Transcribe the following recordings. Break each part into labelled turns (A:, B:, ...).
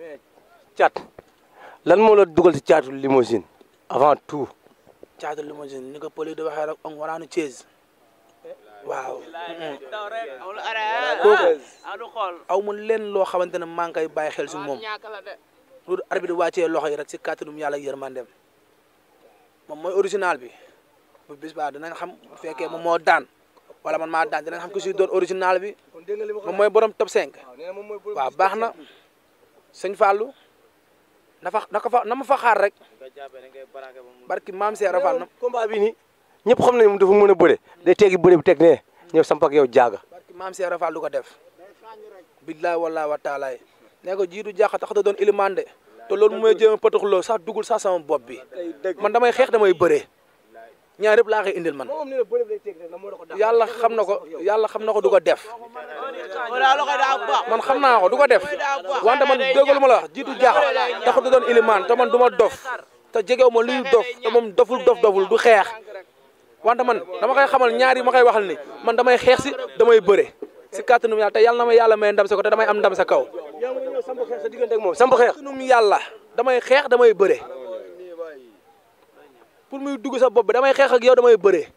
A: mais caat lan moo la dugal ci caatu limousine avant tout. caatu limousine ni ko poli di waxee rek on waraanu a waaw. kooku ah, ma leen loo xamante ne maa ngi koy bàyyi xel si moom loolu loo wàccee loxo yi rek si kàttanum yàlla yërmandeem moom mooy original bi bu bis baa dinañ xam bu fekkee moo daan. wala man maa daan dinañ xam ku si doon original bi moom mooy borom top 5 waaw baax na. sëñ Fallou na fa na ko fa na ma fa xaar rek barki maam Seera Fall. combat bi nii ñëpp xam nañu dafa mën a bëre day teggi bëre bi teg nee ñëw samp ak yow jaaga. barki maam Seera Fall du ko def. billaay wallaay wa taalaay ko jiitu jaaxa tax da doon ilimande te loolu mooy jéem a pëtuxloo sax dugul sa sama bopp bi man damay xeex damay bëree. ñaar yëpp laa koy indil man yàlla xam na ko yàlla xam na ko du ko def man xam naa ko du ko def wante man déggalu ma la wax jiitu jaaxal taxut du doon ilimaan te man du ma dof te jegew ma luy dof te moom doful dof doful du xeex wante man dama koy xamal ñaar yi ma koy waxal ni man damay xeex si damay bëre si kàttanum yàlla te yàlla ma yàlla may ndam sa ko te damay am ndam sa kaw. samp xeex sa diggante ak moom samp xeex. kàttanum yàlla damay xeex damay bëre. pour muy dugg sa bopp bi damay xeex ak yow damay bëre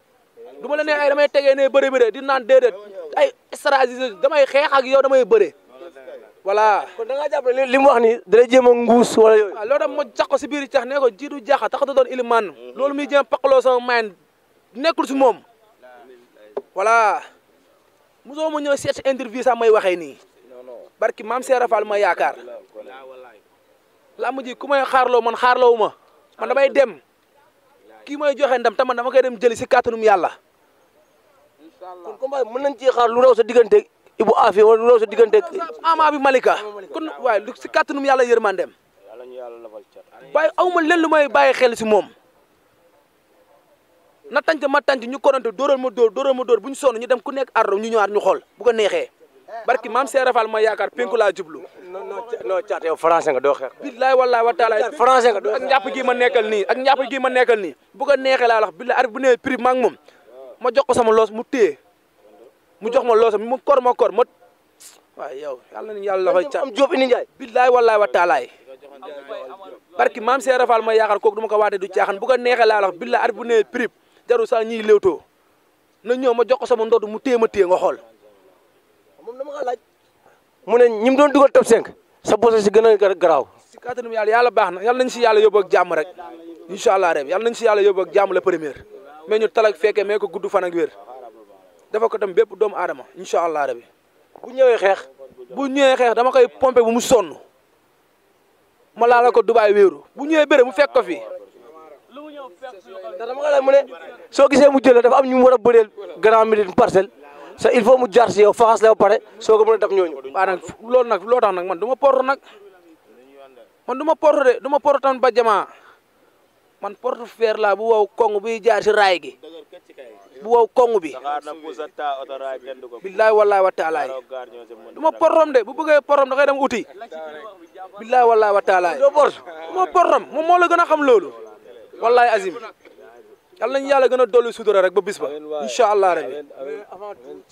A: du ma la ne ay damay tegee ne bëri bi de di naan déedéet ay stratégie damay xeex ak yow damay bëree voilà. kon da ngaa jàpp ne li mu wax ni dana jéem a nguus wala loolu tam ma cax si biir cax ne ko jiitu jaaxa tax da doon ilimaan loolu muy jéem paqaloo sama main nekkul si moom voilà mosoo ma ñëw seet si interview sax may waxee nii barki maam Seera Fall ma yaakaar laa mujj ku may xaarloo man xaarloo ma man damay dem. kii mooy joxe ndam tamit dama koy dem jëli si kàttanum yàlla. incha allah kon combat bi mën diggante ci xaar lu raw sa digganteeg Ibu Afi wala lu raw sa digganteeg Ama bi Malika kon waaye lu si kàttanum yàlla yërmandeem. waaye aw ma leen lu may bàyyi xel si moom. na tànc ma tànc ñu konante dóoral ma dóor dóoral ma dóor bu ñu sonn ñu dem ku nekk ardo ñu ñëwaat ñu xool bu ko neexee. barki maam Seera Fall ma yaakaar penku laa jublu. non non non caat yow français nga doo xeex. billaay wallaay wa gi ma nekkal nii ak njàpp gi ma nekkal nii bu ko neexee laa wax billaay arbitre bu nee prix ma ak moom ko sama mu téye mu jox ma loosam mu kor ma kor ma waaw yow yàlla yàlla dafay caat am Diop indi Ndiaye. billaay wallaay wa taala barki maam Seera Fall ma yaakaar kooku du ma ko waatee du caaxaan bu ko neexee laa wax billaay arbitre bu nee prix jarul sax ñiy léewtoo na ñëw ma jox ko sama ndodd mu téye ma téye nga xool mu ne ñi mu doon dugal top 5 sa bosa si gën a garaaw si kàttanum yàlla baax na yàlla nañ si yàlla yóbbu ak jàmm rek incha allah rek yàlla nañ si yàlla yóbbu ak jàmm la première mais ñu talak fekkee mais ko gudd fan ak wér dafa ko tam bépp doomu aadama incha allah rek bu ñëwee xeex bu ñëwee xeex dama koy pompé bu mu sonn ma laal ko Dubaay weeru bu ñëwee bëre mu fekk ko fii ndax dama ko laaj mu ne soo gisee mu jël dafa am ñu war a bëreel Grand Médine parcelle sa il faut mu jaar si yow faxas pare soo ko mën a ñooñu. waaw nag loolu nag loo tax nag man du ma porte nag man du ma de du ma porte tamit ba jamaa man porte fer laa bu wow koŋ bi jaar si raay bu wow koŋ bi. billaay wallaay wa taalaay du ma portom de bu bëggee portom da ngay dem uti. billaay wallaay wa taalaay. doo portom moom moo gën a xam loolu. wallaay azim. yàlla nañu yàlla gën a dolli sutura rek ba bis ba incha allah rabbi